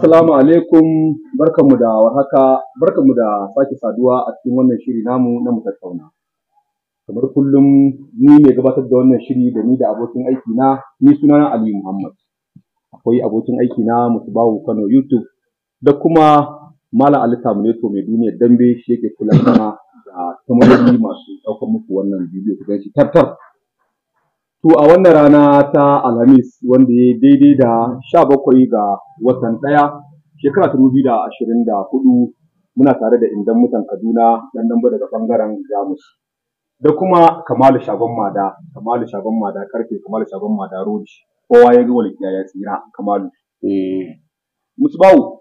Assalamu alaikum barkanmu da warhaka barkanmu da sake saduwa a cikin wannan shiri namu na mu tattauna. Kamar kullum ni ne gabatar da wannan shiri da ni da abokin aiki na ni sunana Ali Muhammad. Akwai abokin aiki na Musubahu Kano YouTube da kuma Malam Ali Samuneto mai duniyar dambe shi yake kula da da tamarori masu ɗaukar muku wannan bidiyo ku gan shi tartar. To a wannan rana ta Alhamis wanda ya daidai da sha bakwai ga watan ɗaya shekara ta dubu da ashirin da hudu muna tare da indan mutan Kaduna dan damba daga bangaren Jamus. Da kuma Kamalu Shagon Mada, Kamalu Shagon Mada karfe Kamalu Shagon Mada Road. Kowa ya ga walƙiya ya tsira Kamalu. Eh. bawu.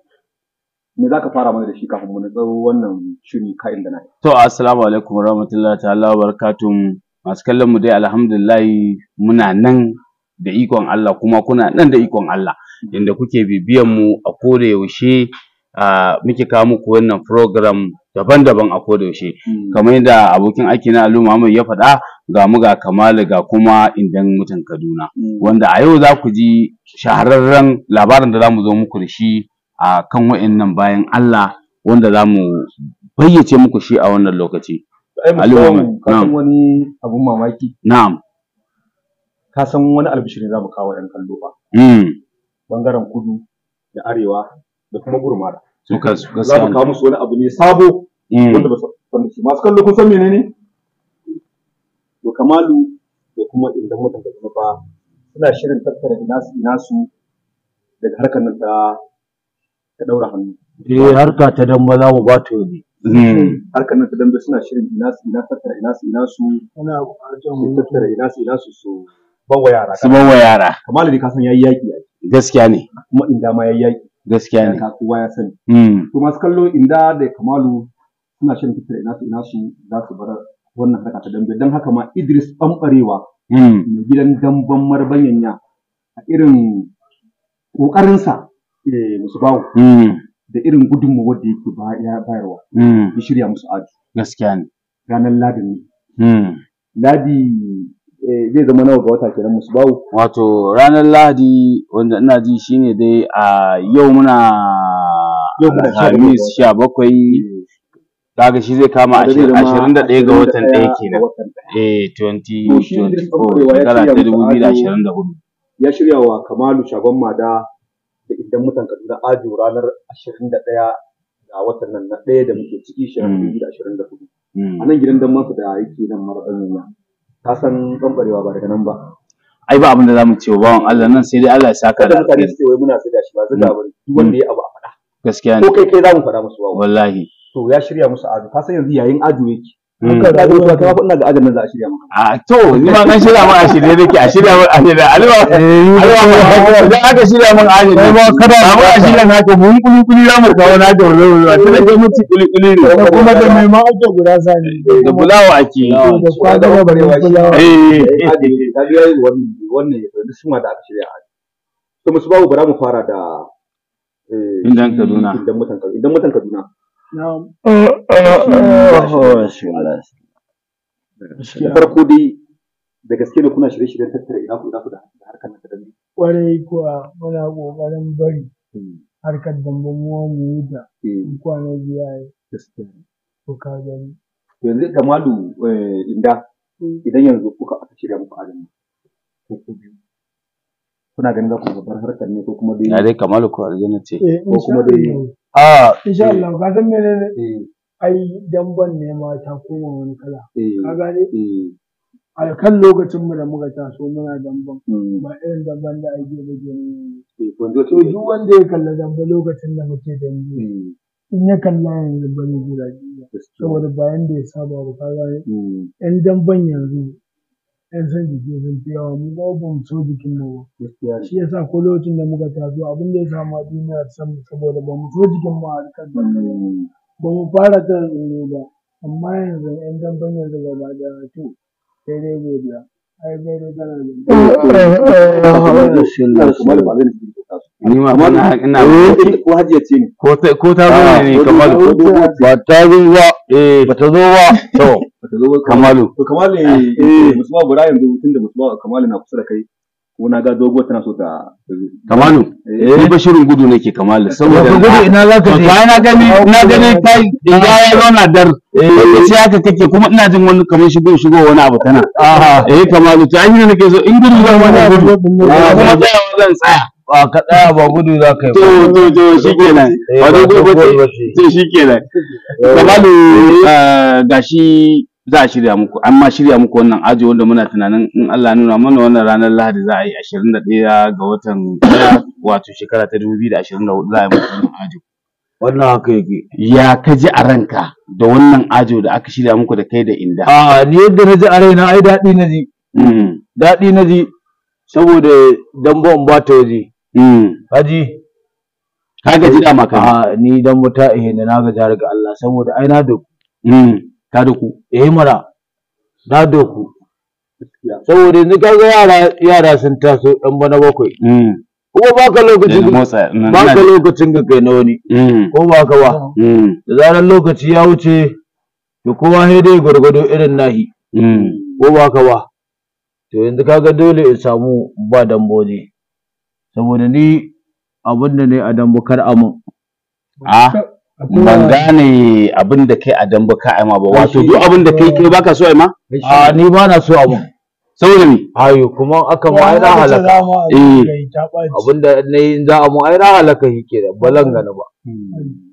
me za ka fara mana da shi kafin mu na wannan shiri ka'in da na. To assalamu alaikum warahmatullahi ta'ala barakatuhu masu kallon mu dai alhamdulillahi muna nan da ikon Allah kuma kuna nan da ikon Allah inda kuke bibiyan mu a koda yaushe muke kawo muku wannan program daban-daban a koda yaushe hmm. kamar yadda abokin aiki na Alu Muhammad ya faɗa ga mu ga Kamalu ga kuma Indan mutan Kaduna hmm. wanda a yau za ku ji shahararren labarin da za mu zo muku da shi a kan wa'annan bayan Allah wanda za mu bayyace muku shi a wannan lokaci Ali Muhammad na'am wani abun mamaki na'am ka san wani albishiri za mu kawo 'yan kallo ba hmm. bangaren kudu da arewa da kuma gurmada suka suka za mu kawo musu wani abu ne sabo hmm. wanda ba su masu kallo kun san menene to kamalu da kuma inda mutum da kuma ba suna shirin tattara ina su ina su daga harkar nan ta ta daura hannu eh harka ta dan maza mu ba ta yi Hmm. harkar nan ta dambe suna shirin ina su ina tattara ina su ina su su tattara ina su ina su su bawa yara su yara kamar da ka san yayi yaki gaskiya ne kuma inda ma yayi yaki gaskiya ne kowa ya sani hmm. to masu kallo inda da kamalu suna shirin tattara ina su ina su za su bar wannan harka ta dambe don haka ma Idris bambarewa hmm. mai gidan damben marbanyanya a irin ƙoƙarinsa eh, musu bawo da irin gudunmawar da yake bayarwa hmm. ya shirya musu aji gaskiya ne ranar ladin ne hmm. ladi eh, zai zama nawa ga wata kenan musu bawo wato ranar lahadi wanda ina ji shi ne dai a yau muna alhamis sha bakwai kaga shi zai kama ashirin da ɗaya ga watan ɗaya kenan eh 2024. shekara ta dubu ya shirya wa kamalu shagon mada gidan mutan Kaduna Ajo ranar 21 ga watan nan na ɗaya da muke ciki shekarar 2024. Mm. Mm. A nan gidan dan masu da yake nan mara nan ka san ɓamɓarewa ba daga nan ba. Ai ba abin da za mu ce bawan Allah nan sai dai Allah ya saka da alheri. Kada mutane su ce wai muna zuga shi ba zuga ba mm. duk wanda ya abu a faɗa. Gaskiya ne. Ko kai kai za mu faɗa musu wallahi. To ya shirya musu Ajo ka san yanzu yayin Ajo yake. Hmm. Ka zo ka kafa ina ga a shirya maka. A ah, to ni ma an shirya min ashirye nake a shirya min ashirye alwa alwa idan aka shirya min ashirye kai ba kada ba a shirya naka mun kuli kuli za mu kawo na da wala wala tun da mu ci kuli kuli ne kuma da mai ma ake guda sani da bulawa ake da kwaga ba bare bulawa eh da ga eh, eh, eh. wannan wannan da su ma da aka shirya to musu babu bara mu fara da idan Kaduna idan mutan Kaduna da ah, ah, ah, dai da gaske kuna shirye-shiryen tattara ina ku da harkar da dambe kwarai kuwa muna kokarin bari hmm. harkar dambe mu mu huta hmm. kwana biya ko ka gani yanzu malu eh, inda hmm. idan yanzu kuka aka shirya muku ko ku biyu kuna ganin za ku harkar ne ko kuma dai na dai kamalu ko aljanna ce eh, ko kuma dai a insha eh. Allah ka san menene eh. ai damban ne ma ta koma wani kala eh. ka gane a kan lokacin mu da muka taso muna damban hmm. ba irin damban da ake da gani wanda to duk wanda ya kalla damban lokacin da muke dambe hmm. in ya kalla yanzu bane guda saboda bayan da ya saba ba ka gane hmm. yan damban yanzu 'yan san jiki sun fi yawa mu kuma ba mu so jikin mu ba shi yasa ko lokacin da muka taso abin da ya samu a duniya san saboda ba mu so jikin mu a harkar da mm. ba mu fara kan tsoro ba amma yanzu 'yan damban yanzu gaba da to sai dai godiya ai dai dai tana da ni ma kana ina eh, ko hajiya ce ni ko ta ko ta zo ne ah, kamalu ba ta zo ba eh ba ta zo ba to ba ta zo ba kamalu to kamalu ah, eh, eh. eh musuwa gura yanzu tun tunda musuwa kamalu na kusa da kai ko na ga dogo tana so ta kamalu ni bashirin gudu nake kamalu saboda gudu ina za ka je na gani na gani kai ya ya zauna dar lokaci haka kake kuma ina jin wani kamar shigo shigo wani abu kana eh kamalu ta hanyar nake so in gudu zan wani gudu ah, kuma tsayawa zan tsaya ba ka tsaya ba gudu za ka yi to to to shikenan eh, ba da gudu ba to shikenan kamalu eh. eh, gashi za a shirya muku an ma shirya muku wannan aji wanda muna tunanin in Allah nuna mana wannan ranar Lahadi za a yi 21 ga watan wato shekara ta 2024 za a yi muku wannan aji wannan haka yake ya ka ji a ranka da wannan ajo da aka shirya muku da kai da inda a ni yadda na ji a raina ai daɗi na ji mm. daɗi na ji saboda dan ban ba ta waje Hmm. Haji. Ka gaji da maka. A ni dan wuta eh ne na ga daga Allah saboda ai na da ku. Hmm. Ka da ku. Eh mara. Na da ku. Saboda yanzu kaga yara yara sun taso dan bana bakwai. Hmm. Kuma ba ka lokacin ba ka lokacin ga kai na wani. Ko ba ka ba. Da zarar lokaci ya wuce to kowa sai dai gwargwado irin nahi. Ko ba ka ba. To yanzu kaga dole in samu ba ne. saboda ni abin da ne a dambu kar a ah, a ban gane abin da kai a dambu ka a ma ba wato duk abin da kai kai baka so ai ma a ah, ni ba na so a saboda ni ayo kuma aka ma ai na halaka eh abin da ne za a mu ai na halaka shi kenan balangana ba hmm.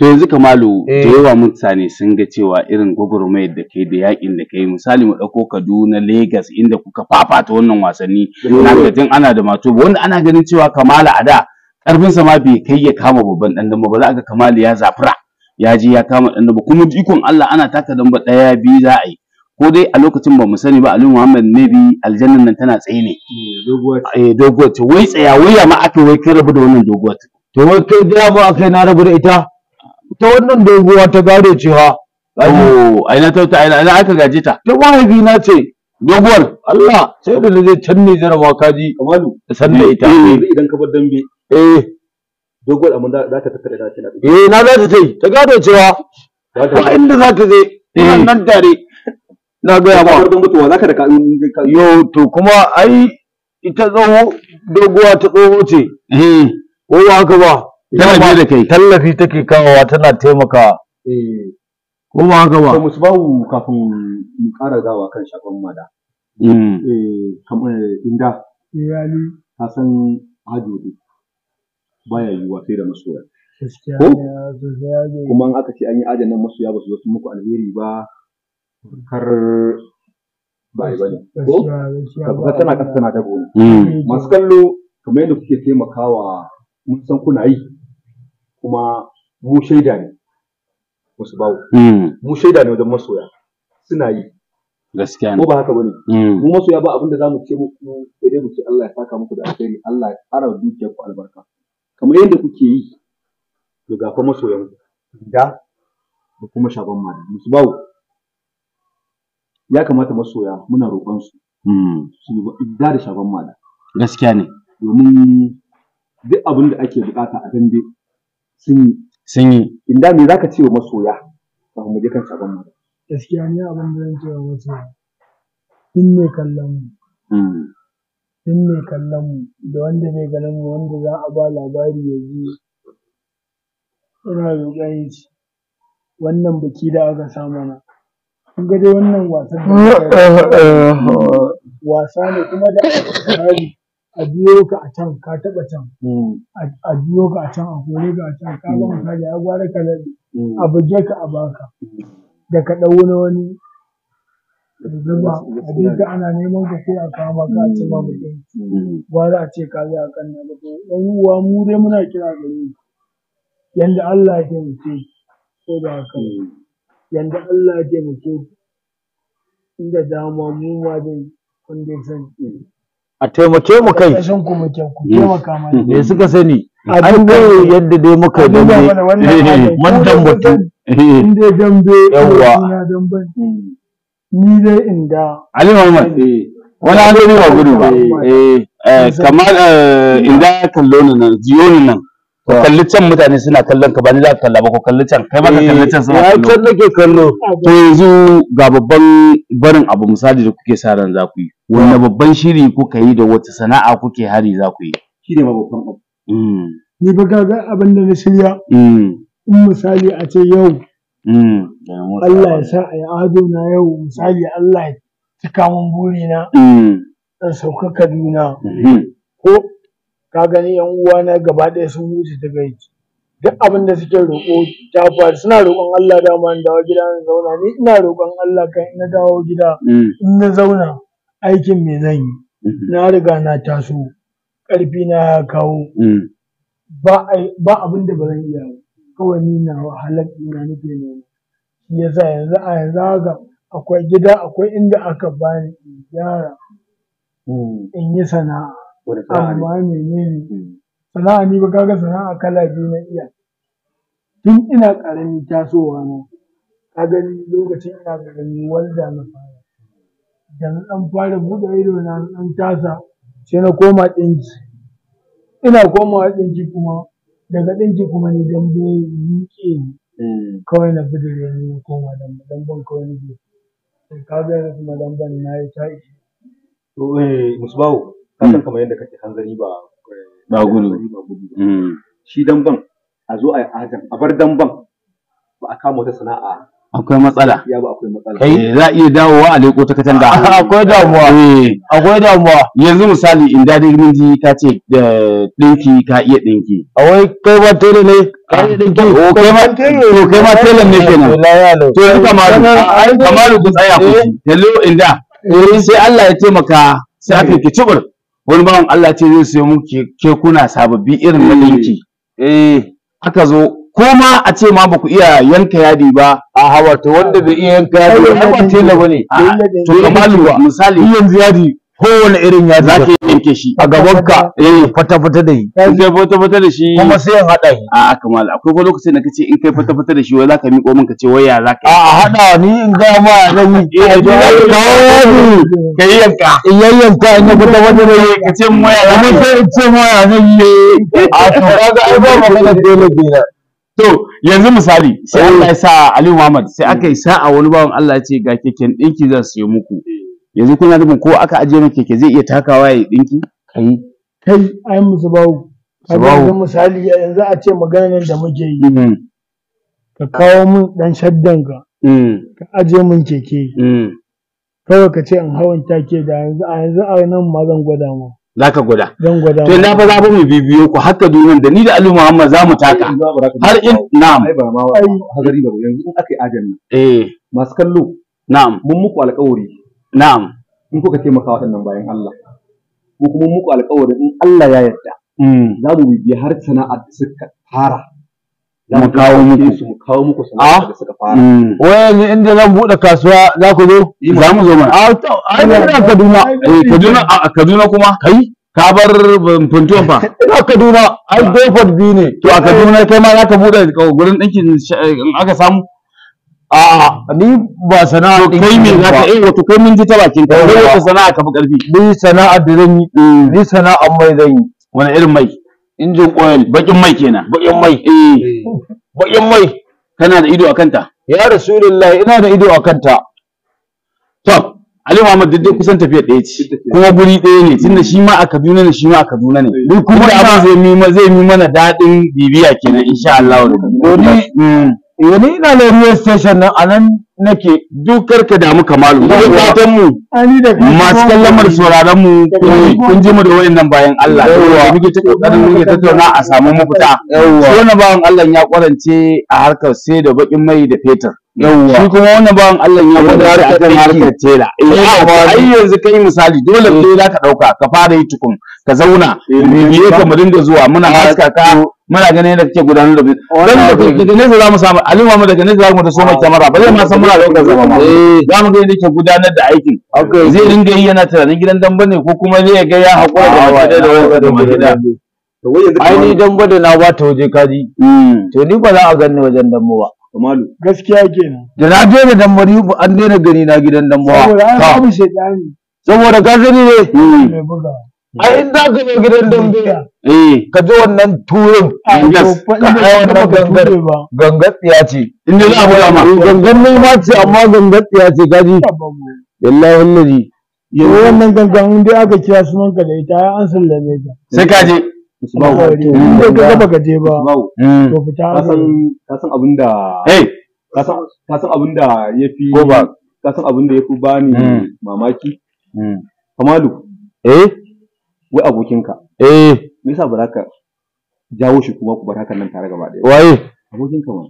to yanzu kamalu da eh. yawa mutane sun ga cewa irin gwagwarmayar da kai da yakin da kai misali mu ɗauko kaduna lagos inda kuka fafata wannan wasanni na gajin ana da mato wanda ana ganin cewa kamala a da sa ma bai kai ya kama babban ɗan ba za ga Kamalu ya zafira ya je ya kama ɗan ba kuma ikon allah ana taka damba ɗaya biyu za a yi ko dai a lokacin ba mu sani ba Ali Muhammad ne bi aljannan nan tana tsaye ne eh doguwar eh, wai tsaya wai ya ma aka wai kai rabu da wannan doguwa to wai kai da ba kai na rabu da ita ta wannan doguwa ta gado cewa oh aina ta ta aina aka gaje ta ta mahaifi na ce doguwar Allah sai da zai canne jarawa kaji kamalu da san ita eh, eh. idan ka bar dambe eh doguwar amma za ta tattare da ta eh na za ta sai ta gado cewa ba inda za ta je eh. nan tare na ga ya ba don mutuwa ka da yo to kuma ai ita tsawo doguwa ta tsawo ce eh ko haka ba tana biye da kai tallafi take kawowa tana taimakawa eh. ko ba haka ba musu bawu kafin mu ƙara gawa kan shafan mada mm. eh, kamar inda iyali ka san hajjodi baya yiwuwa sai da masoya ko kuma an aka ce an yi ajanan masoya ba su zo sun muku alheri ba kar ba ba ne ko ka tana kasa tana dabo mm. masu kallo kamar yadda kuke taimakawa mun san kuna yi kuma mu shaida ne musu bawo hmm. mu shaida ne wajen masoya suna yi gaskiya ne ko ba haka bane hmm. mu masoya ba abin da zamu ce muku sai dai mu ce Allah ya saka muku da alheri Allah ya fara dukiyar ku albarka kamar yadda kuke yi to ga fa masoyan da da kuma shagon ma musu bawo ya kamata masoya muna roƙon hmm. su su da da shagon ma gaskiya ne domin duk abin da ake bukata a dambe sun yi inda me zaka ce wa masoya kafin mu je kan sabon mu gaskiya ni abin da zan ce wa masoya in ne kallon mu hmm. in ne kallon mu da wanda zai ganin mu wanda za a ba labari ya ji ina roƙon ya ci wannan biki da aka sa mana kun ga dai wannan wasan da wasa ne kuma da tsari a biyo ka a can ka taɓa can hmm. a biyo ka a can a kore ka a can ka gama hmm. ka ya gwara ka da hmm. a buge ka a baka da ka ɗau na wani zuba a duka ana neman ka ko a kama ka a ce ma mutum gwara a ce ka zai a kan na da ɗan uwa mu dai muna kira ni yanda Allah ya taimake ko ba haka yanda Allah ya taimake inda dama mu ma dai kun dai san a taimake mu kai mm. me suka sani an kai yadda dai muka dambe mun dambatu inda dambe yawa ni dai inda Ali Muhammad eh, wani an ba gudu ba eh. Eh, kamar inda kallo nan ziyo nan kalli can mutane suna kallon ka ba ni za ka kalla ba ko kalli can kai ma ka kalli can suna kallo can nake kallo to yanzu ga babban barin abu misali da kuke sa ran za ku yi wanda babban shiri kuka yi da wata sana'a kuke hari za ku yi shi ne babban abu mm. ni ba gaga abin da na shirya mm. in misali a ce yau mm. Allah ya sa a yi ado na yau misali Allah ya kamun buri na, in sauka Kaduna mm-hmm. ko ka gani yan uwana gaba ɗaya sun wuce ta gai, duk abin da suke roƙo ta faru suna roƙon Allah dama in dawo gida na zauna ni ina roƙon Allah kan in na dawo gida in na zauna aikin me zan yi mm-hmm. na riga na taso ƙarfi na ya kawo mm. ba abin da ba zan iya kawai ni na wahalar ina nake nema shi yasa yanzu a yanzu haka akwai gida akwai inda aka bani in gyara mm. in yi sana'a amma menene mm. sana'a ni ba kaga sana'a kala biyu na iya tun ina ƙarami tasowa na ka gani lokacin ina ƙarami walda na fara da na ɗan fara buɗe ido na ɗan tasa sai na koma ɗinki ina komawa ɗinki kuma daga ɗinki kuma ni dambe yuke mm. kawai na budure ne na koma dambe damben kawai ne ke sai ka ga yanzu kuma damben na yi ta ishe. Eh, musbahu ka san kamar yadda kake hanzari ba eh, ba gudu mm. shi damben a zo a yi azan a bar damben ba a kama wata sana'a akwai matsala kai eh, za a iya dawowa a leko ta katanga akwai damuwa eh. akwai damuwa yanzu misali in dadi minji ta ce da eh, dinki ka iya dinki awai kai ba tele ne ka iya dinki ah. o oh, kai ma to oh, kai ma tele ne kenan to yanzu kamaru ah, kamaru ku tsaya ku hello inda sai Allah ya taimaka sai aka ki cibir wani bawan Allah ce zai sayo muku kekuna sababbi irin na dinki eh aka zo ko ma a ce ma baku iya yanka yadi ba a hawa to wanda bai iya yanka yadi ba ba tela bane to kamalu misali yanzu yadi wani irin ya za ka yanke shi a gabanka eh fata fata da shi in kai fata fata da shi kuma sai in hada shi a kamal akwai ko lokacin da kace in kai fata fata da shi wai zaka miƙo min kace wai ya zaka a hada ni in ga ma zan yi eh da kawo ka yanka in yanka in fata fata da shi kace mu ya kuma sai in ce mu ya zan yi a to kaga ai ba magana dole dole to yanzu misali sai eh. Allah ya sa Ali Muhammad sai eh. aka yi sa'a wani bawan Allah ya ce ga keken dinki zan sayo muku eh. yanzu kuna nufin ko aka ajiye muku keke zai iya takawa ya dinki kai kai ai musu bawo yanzu misali yanzu a ce maganar da muke yi mm. ka kawo min dan shaddan ka mm. ka ajiye min keke mm. kawai ka ce in hawan take da yanzu a yanzu a nan ma zan gwada ma za ka gwada to na fa za fa mu bibiyo ku haka duniyar da ni da Ali Muhammad za mu taka har in na'am ai ba ma hazari da yanzu in akai ajan ajami eh masu kallo na'am mun muku alƙawari na'am in kuka taimaka waɗannan bayan Allah ko kuma muku alƙawari in Allah ya yarda hmm. za mu bibiya har sana'ar da suka fara mu kawo muku mu kawo muku sana'ar da suka fara hmm. wayan inda zan bude kasuwa za ku zo za mu zo mana a ah, ai Kaduna A eh, ah, Kaduna kuma kai ka bar um, funtuwan fa ina Kaduna ai ah. Beaufort bi ne to a Kaduna kai ma za ka bude gurin dinkin in aka samu A'a ni ba sana'a ɗin kai me zaka eh wato kai mun ji ta bakin ka wata sana'a ka fi ƙarfi ni sana'a da ni sana'a mai zan yi wani irin mai injin oil bakin mai kenan bakin mai eh, eh. bakin mai kana da ido akan ta ya rasulullahi ina da ido akan ta to Ali Muhammad duk dai kusan tafiyar ɗaya ce kuma guri ɗaya ne tunda shi ma a Kaduna ne shi ma a Kaduna ne duk kuma abu zai mi mana daɗin bibiya kenan insha Allah ni Yani ina na ruwan station nan a nan nake dukar ka damu kamalu mu masu kallon mu sauraron mu kun ji mu da nan bayan Allah yawa muke ta kokarin muke tattauna a samu mafita yawa na bayan Allah ya kwarance a harkar sai da bakin mai da fetur yawwa shi kuma wannan bawan Allah ya da shi akan harkar tela eh, ai yanzu kai misali dole ne mm. za ka dauka ka fara yi tukun ka zauna bibiye eh, eh, ka mu dinga zuwa muna haska ka muna ganin yadda kake gudanar da dan da nesa za mu samu alima mu daga nesa za mu ta so mai ah. kamera ba zai ma san muna dauka zama ma za mu ga yadda yake gudanar da aikin zai dinga yi yana tunanin gidan dan bane ko kuma zai ga ya hakura da ah, wata da da ai ni dan gwada na ba ta waje kaji hmm. to ni ba za a ganni wajen dan ba Kamalu. Gaskiya kenan. Da na daina dambari an daina gani na gidan dambawa. Saboda an samu shaidani. Saboda ka sani ne. Hmm. Ai in za ka zo gidan dambe. Eh. Ka ji wannan turin. Ka ai wannan gangar. Gangar tsiya ce. In za a buga ma. Gangar noma ce amma gangar tsiya ce gaji. Wallahi wallahi. Yanzu wannan gangan in dai aka kira sunan ka da ita an sallame ka. Sai ka je. ba ba ba to hmm. bani hmm. mamaki hmm. kamalu eh wai abokinka eh me yasa ba jawo shi kuma ku bar nan tare gaba waye abokinka ma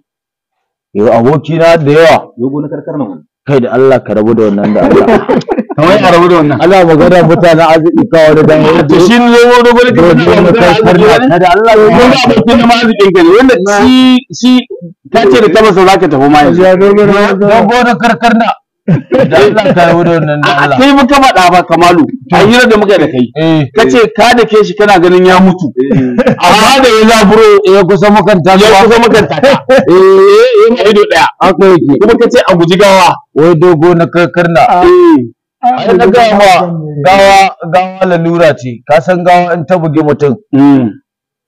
yau eh, abokina da yawa yau gona karkar nan kai da Allah ka rabu da wannan da Allah kawai a rabu da wannan Allah magana mutanen arziki ka wani dan yau to shi ne mu rubu da gwani da Allah ya farna da Allah ya zo da abokin na arzikin ka wanda shi shi ta ce da ta masa zaka tafi ma yanzu ya dogara da karkarna da Allah ka muka faɗa ba kamalu a hira da muka da kai eh. Ka ce ka da ke shi kana ganin ya mutu eh. amma da ya zaburo eh, ya kusa makanta ya kusa makanta eh eh ido daya haka yake kuma kace a guji gawa wai dogo na karkarna eh ah, na gawa gawa gawa lalura ce ka san gawa in ta buge mutum hmm.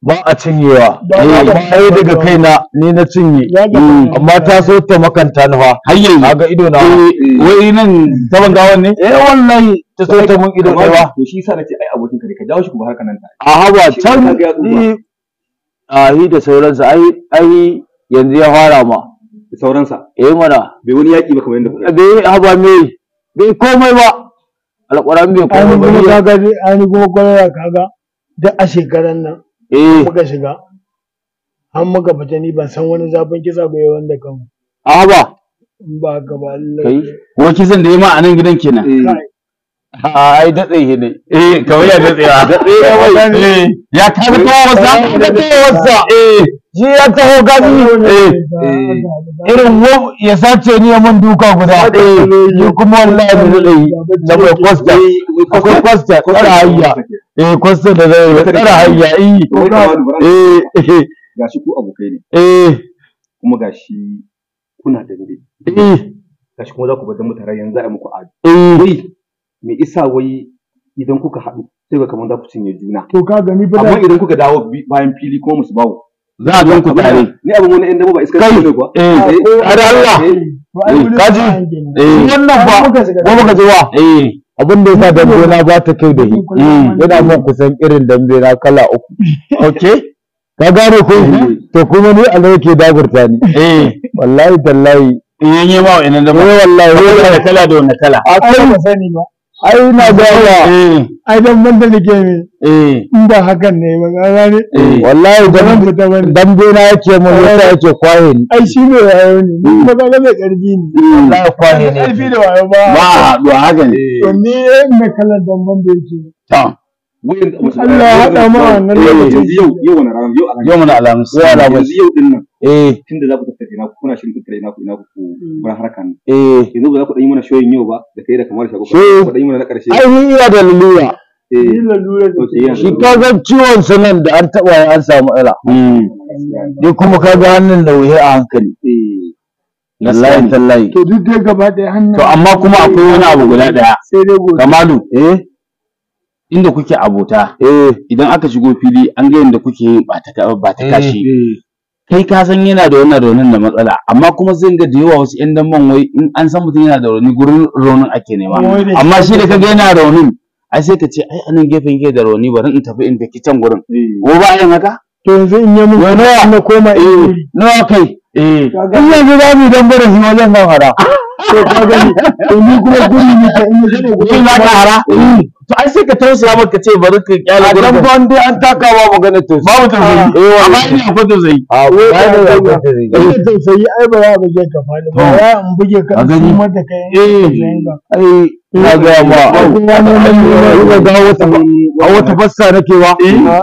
ba a cinyewa eh, ba daga kai na ni na cinye mm. amma ta so ta makanta na fa hayye ga ido na eh, mm. wai nan ta bangawan ne eh wallahi ta so ta mun ido kai kaiwa to shi yasa nace ai abokin ka ka dawo shi kuma harkan nan ta a hawa can ni a yi da sauransa ai ai yanzu ya fara ma da sauransa eh mana bai wani yaki ba kamar yanda bai haba me bai komai ba alƙur'an bai komai ba kaga an gogoro kaga da a shekaran nan eh muka shiga an muka fita ni ban san wani zafin kisa ba wanda kan a ba ba ka ba Allah kai ko kisan da yayi ma a nan gidan kenan eh. ai datse shi ne eh kawai ya datse ya datse ya wai eh, ya tabi kawarsa da wasa. eh shi ya taho gani eh. irin wo ya sace ni mun duka guda eh ni kuma wallahi da dai da kwasta akwai kwasta kwasta ayya eh kwastan da zai ya tsara hanya eh. Eh, eh eh gashi ku abokai ne eh kuma gashi kuna dambe eh gashi kuma za ku bar tare yanzu a muku ado eh wai me isa wai idan kuka haɗu sai ga kamar za ku cinye juna to ka gani ba amma idan kuka dawo bayan fili musu bawo za a ganku tare ni abin wani ɗan ba eh, eh. Allah kaji eh wannan ba ko ji wa eh abin da yasa dambe na ba ta kai da shi yana eh. mun kusan irin dambe na kala uku okay ka gane ko eh. to kuma ni Allah yake dagurta ni eh wallahi tallahi in eh, yi ma wa'annan da wallahi kala da wannan kala a kai sani ba ai na ga wa eh. ai dan ban da nake ne eh in hakan ne ba ga ne eh. wallahi dan dan na yake mun eh. yasa yake kwaye ni ai shi ne wayo ne ni ba ga mai ne wallahi kwaye ne da wayo ba ba haɗu haka ne to ni me kallon dan ban da yake ta Allah ya haɗa ma wannan lokacin yau yau wani alamu yau yau yau yau din nan eh tunda za ku tattare na kuna shirin tattare na ku ina ku bar hmm. harkan eh yanzu ba za ku dan yi mana shoyin yau ba da kai da kamar shago ku dan mana na karshe ai ni iya da lulluya eh. shi ka ga ciwon sanan da an taɓa ya an samu ala hmm. ni kuma ka ga hannun da wuya a hankali eh. wallahi tallahi to duk dai gaba da hannun to amma kuma akwai wani abu guda ɗaya. sai dai gobe kamalu eh inda kuke abota eh idan aka shigo fili an ga yanda kuke ba ta eh. kashi kai ka san yana da wannan raunin da matsala amma kuma zai ga da yawa wasu yan damban wai in an san mutum yana da rauni gurin raunin ake nema amma shi da kaga yana raunin ai sai ka ce ai anan gefen yake da rauni bari in tafi in daki can gurin eh. ko ba yin haka to yanzu in ya mutu na koma iri eh, nawa kai eh in yanzu za mu dan barin shi wajen nan hara to ka gani to ni kuma guri ne in ka hara eh. to ai sai ka tausaya maka ce bari ka kyale gurin a dan ban dai an taka ba magana to babu tausayi ah. eh amma ni akwai tausayi a ah, babu tausayi tausayi ai ba ya buge ka fali ba ya in buge ka kuma da kai eh. eh ai ga ya wata ga wata fassa nake wa ah.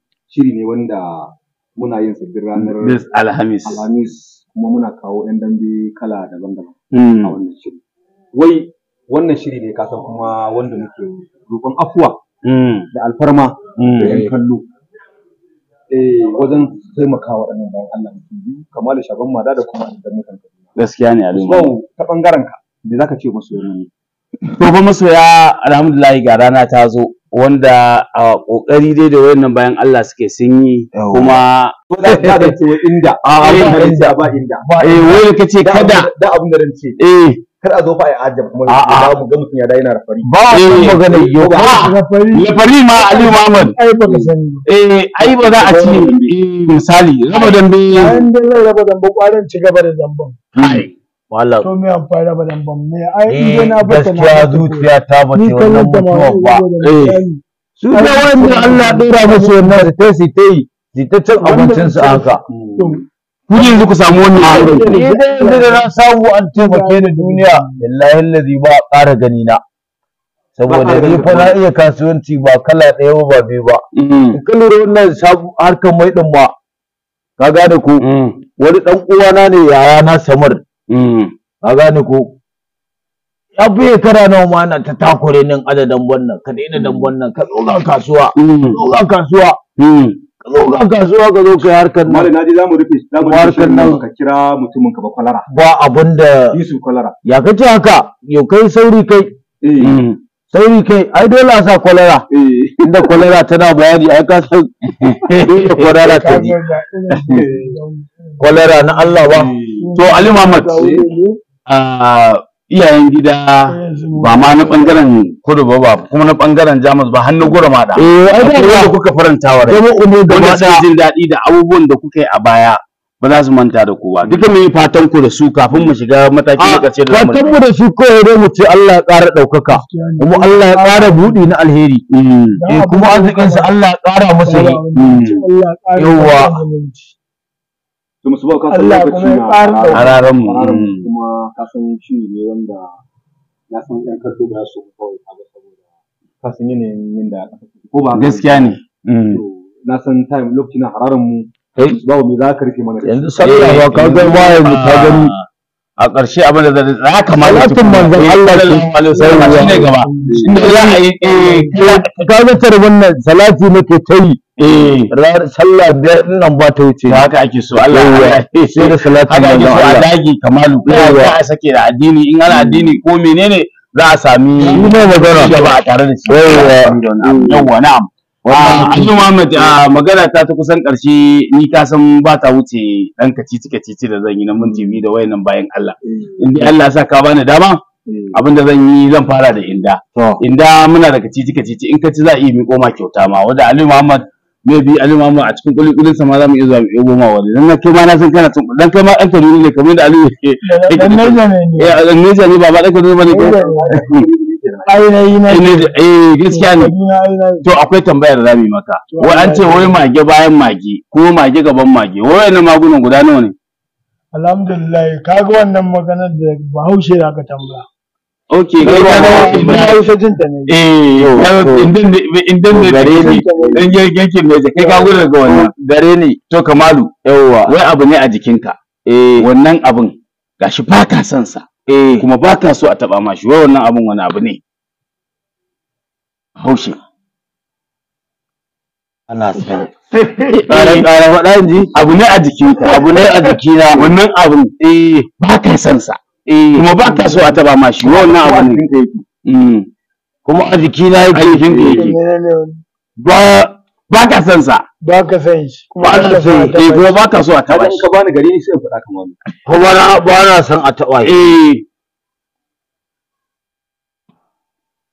shiri ne wanda muna yin sa duk ranar Alhamis. Alhamis kuma muna kawo ɗan dambe kala daban-daban hmm. a wannan shiri. Wai wannan shiri ne kasan kuma wanda muke roƙon afuwa hmm. da alfarma hmm. da 'yan kallo. Eh, wajen taimaka waɗannan bayan Allah mutum biyu kamar da shagon mada da kuma da mutan gaskiya ne alimu so ta bangaren ka me zaka ce masoya ne to fa masoya alhamdulillah ga rana ta zo wanda a kokari dai da wayannan bayan Allah suke sun yi kuma ba da cewa inda a ba da ba inda eh wai ka ce kada da abin da rance eh kar a zo fa ai ajab kuma da mu ga mutun ya dai na rafari ba mu eh. magana yo ba rafari ma Ali Muhammad ai ba ka sani eh ai ba za a ci eh, misali Ramadan bai an da raba dambe kwaran ci gaba da zamban ai Malam. To me amfani da badan ban me ai eh, in dai na bata na gaskiya zuciya ta bace wannan mutuwan ba. Eh. Su ne wanda Allah ya dora musu wannan da ta si ta yi si ta cin abincin su haka. Kuje yanzu ku samu wannan aure. Ni dai yanzu da na samu an taimake ni duniya billahi allazi ba ƙara gani na. Saboda ni fa na iya kasuwanci ba kala ɗaya ba ba biyu ba. Mm. Ka lura wannan harkar mai ɗin ma. Ka gane ku. Mm. Wani ɗan uwana ne yaya na samar. Mm. ka gane ko ya fiye kara na ma na ta takure nan adadin wannan ka daina dambon mm. nan ka zo ga kasuwa ka mm. zo ga kasuwa ka zo ga kasuwa ka zo kai harkar nan mallam naji zamu rufe zamu harkar nan ka kira mutumin ka ba kwalara ba abinda Yusuf kwalara ya kace haka yau kai sauri kai eh. sauri kai ai dole a sa kwalara eh. inda kwalara tana bayani ai ka san kwalara ta eh. kwalara na Allah ba to ali muhammad iyayen gida ba ma na bangaren kudu ba ba kuma na bangaren jamus ba hannu gura ma da eh, wanda kuka faranta wa rai wanda sai jin daɗi da abubuwan da kuka yi a baya ba za su manta da kowa duka mun yi fatan ku da su kafin mu shiga mataki na ƙarshe da fatan mu da su kawai dai mu ce Allah ya ƙara ɗaukaka kuma Allah ya ƙara buɗi na alheri mm. eh, kuma arzikinsa Allah ya ƙara masa yi yawwa kuma su ba ka san lokaci na mu mm. kuma ka san shi ne wanda ya san ɗan karto ba su kawai ka saboda ka san ko ba gaskiya ne mm. na san time mu eh? babu me za ka rufe mana yanzu sallah ba eh, ka ga mu ta gani a ƙarshe abin da za ka mallaka tun eh, manzon Allah shi ne gaba shi ne za a yi ka ga tarbin nan salati nake ta yi eh. sallah da nan ba ta wuce haka ake so Allah ya sai da salatin manzon Allah a dage kamalu ya a sake da addini in ana addini ko menene za a sami shi ne ba tare da shi yawa na'am wannan ah, Muhammad ah, magana ta ta kusan ƙarshe ni ka san ba ta wuce ci kacici kacici da zan yi na mun biyu da wayannan bayan Allah. Mm. In Allah sa ka bani dama mm. abinda zan yi zan fara da inda. Inda muna da kacici kacici in ka ci za a iya mi koma kyauta ma wanda Ali Muhammad me bi Ali Muhammad a cikin kulin sa ma za mu iya zuwa mu iya goma wa dan na kai ma na san kana tun dan kai ma dan Kaduna ne kamar da Ali yake. Dan ne. Eh dan Niger ne baba eh, dan eh gaskiya ne to akwai tambayar da zamu maka wai an ce wai mage bayan mage ko mage gaban mage wai na magunan guda nawa ne alhamdulillah kaga wannan maganar da bahaushe da aka tambaya ok kai ka ga ba hausa jin ta ne eh indan indan ne gare ne dan yankin ne kai ka gudu daga wannan gare ne to kamalu yawa wai abu ne a jikinka eh. wannan abun gashi ba ka son sa Eh. kuma ba ta so a taɓa ma shi wannan abin wani abu ne haushe ana san ƙaran ƙaran faɗa ji abu ne a jikinka abu ne a jikina wannan abin eh ba ka san sa eh. kuma ba ka so a taɓa ma shi wannan abu ne mm. kuma a jikina yake yake ba ba ka san sa ba ka san shi kuma Allah zai eh kuma ba ka so a taba shi ka bani gari ni sai faɗa kamar kuma na ba na san a taba shi eh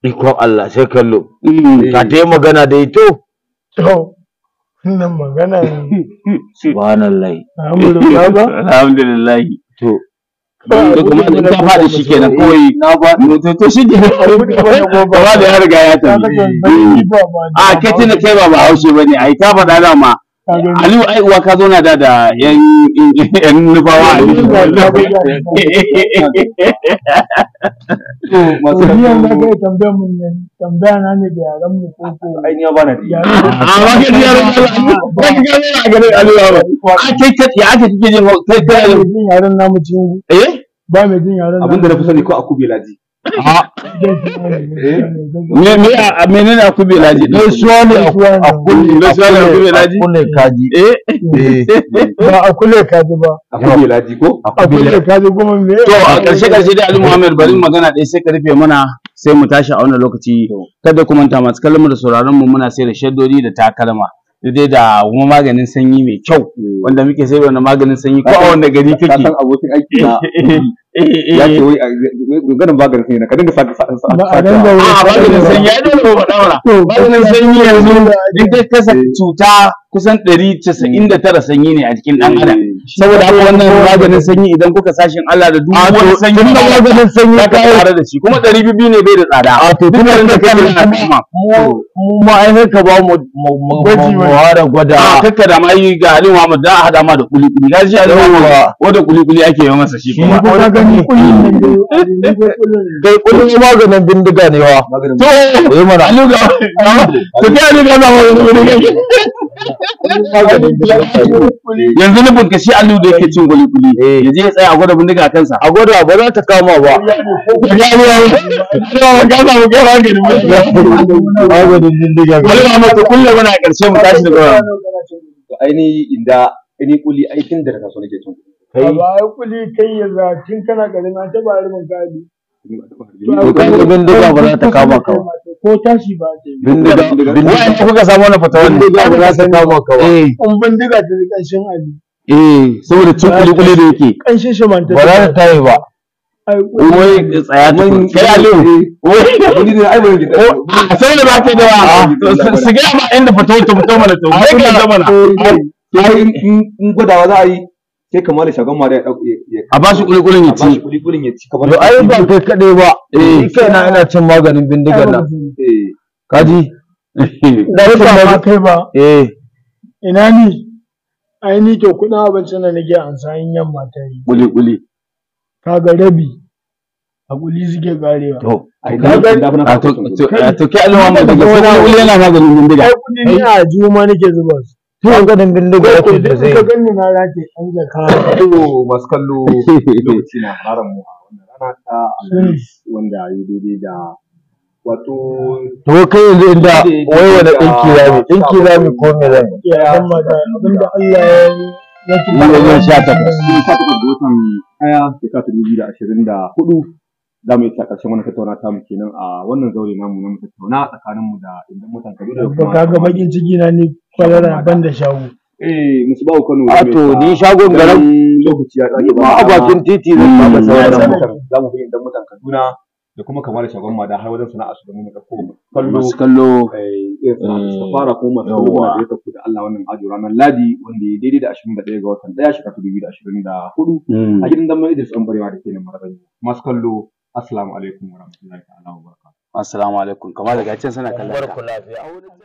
ikon Allah sai kallo mm. ka ta magana da ito to wannan magana ne. subhanallah alhamdulillah alhamdulillah to ko kuma in ta faɗi shi kenan kawai to shi da ya riga ya tafi a kai tunda kai ba ba haushe bane ai ta faɗa da ma Aliyu ai uwa ka da da yan yan nufawa a masu biyan kai tambayar mun ne tambaya na ne da yaran mu ko ko ya bana a ba ka ji yaran ka ga a garin Aliyu ba a kai ka ya ake kike jin kai kai yaran namu eh ba mai jin yaren abin da na fi sani ko Akubi belaji ah. eh? me me a menene Akubi belaji ne suwa ne aku ne suwa ne aku belaji aku ne kaji eh, eh. ba aku ne kaji ba aku belaji ko aku ne kaji kuma me to a karshe karshe dai Ali Muhammad bari magana dai sai ka rufe mana sai mu tashi a wannan lokaci kada ku manta masu kallon mu da sauraron mu muna sai da shaddodi da takalma dai da kuma maganin sanyi mai kyau eh. wanda muke sai wani maganin sanyi ko a wanda gari kake Eh, eh, ya ce eh. wai maganin maganin sanyi na ka dinga sa sa sa a ah, maganin sanyi ai dole ba daura maganin sanyi yanzu in ka kasa cuta kusan 199 sanyi ne a cikin dan adam saboda haka wannan maganin sanyi idan kuka sashin Allah da duk ah, wani sanyi da maganin sanyi ka tare da shi kuma 200 ne bai da tsada a ah, to kuma ka kake na kuma mu ma ai ka ba mu mu gwada a kakka da mai ga Ali Muhammad da hada ma da kuli kuli a wanda kuli kuli ake yi masa shi kuma kai kullum maganin bindiga ne wa to ne shi alu da yake cin guli guli ya ya tsaya a gwada bindiga a kansa a gwada ba za ta kama ba ya ne ya ga ga ga maganin bindiga kullum muna karshe mu tashi daga ainihi inda kuli aikin da so nake tun kai a ba kuli kai ya za tun kana garin an taba harbin kaji to bindiga ba za ta kama ka ba ko tashi ba ta yi bindiga bindiga kuka samu wannan fata wannan bindiga ba za ta kama ka ba in eh. bindiga ta ali eh saboda cin kuli-kuli da yake kanshin shi man ta ba za ta tayi ba wai tsaya ta kai aliyu eh. wai ni ne ai bari a sai da ba ta da wa su ma inda fata ta fito mana ka zama na in za a yi sai ka mali shagon mari a ba shi kulikulin ya ci a ba shi kulikulin ya ci kamar To ai ba kai kadai ba eh kai na ina cin maganin bindigar nan eh. kaji da eh. ba ma kai ba eh ina ni ai ni to kudin abincin da nake ansa in yamma ta yi kuli kuli kaga rabi a kuli suke karewa to ai da to to ke alwan da daga kuli yana maganin bindiga ai kuli ni eh. a juma nake zuba su maganin bindiga yake da zai ka ganni na rake an jaka to masu kallo lokaci na fararan mu a wannan rana ta wanda ya daidai da wato to kai yanzu inda wai wani dinki dinki ko me Allah ya yi ya Sha ta za mu yi ta ƙarshen wani tattauna ta mu kenan a wannan zaure namu na mu tattauna tsakanin mu da inda mutan Kaduna da kuma kaga bakin ciki na ni kwalara ban da shago eh musu bawo Kano a to ni shagon garan lokaci ya dauke ba a bakin titi zan ba da sauran hmm, mutan za mu yi inda mutan Kaduna da kuma kamar shagon ma da har wajen sana'a su da mu ka koma kallo masu kallo eh su fara ko da ruwa da ya tafi da Allah wannan ajo ranar Ladi wanda ya daidai da 21 ga watan 1 shekara 2024 hmm. a gidan dan Idris barewa da ke nan Marabai masu kallo Assalamu alaikum warahmatullahi ta'ala wa barakatuh. Assalamu alaikum. Kamar da gacin suna kallon. Barku lafiya.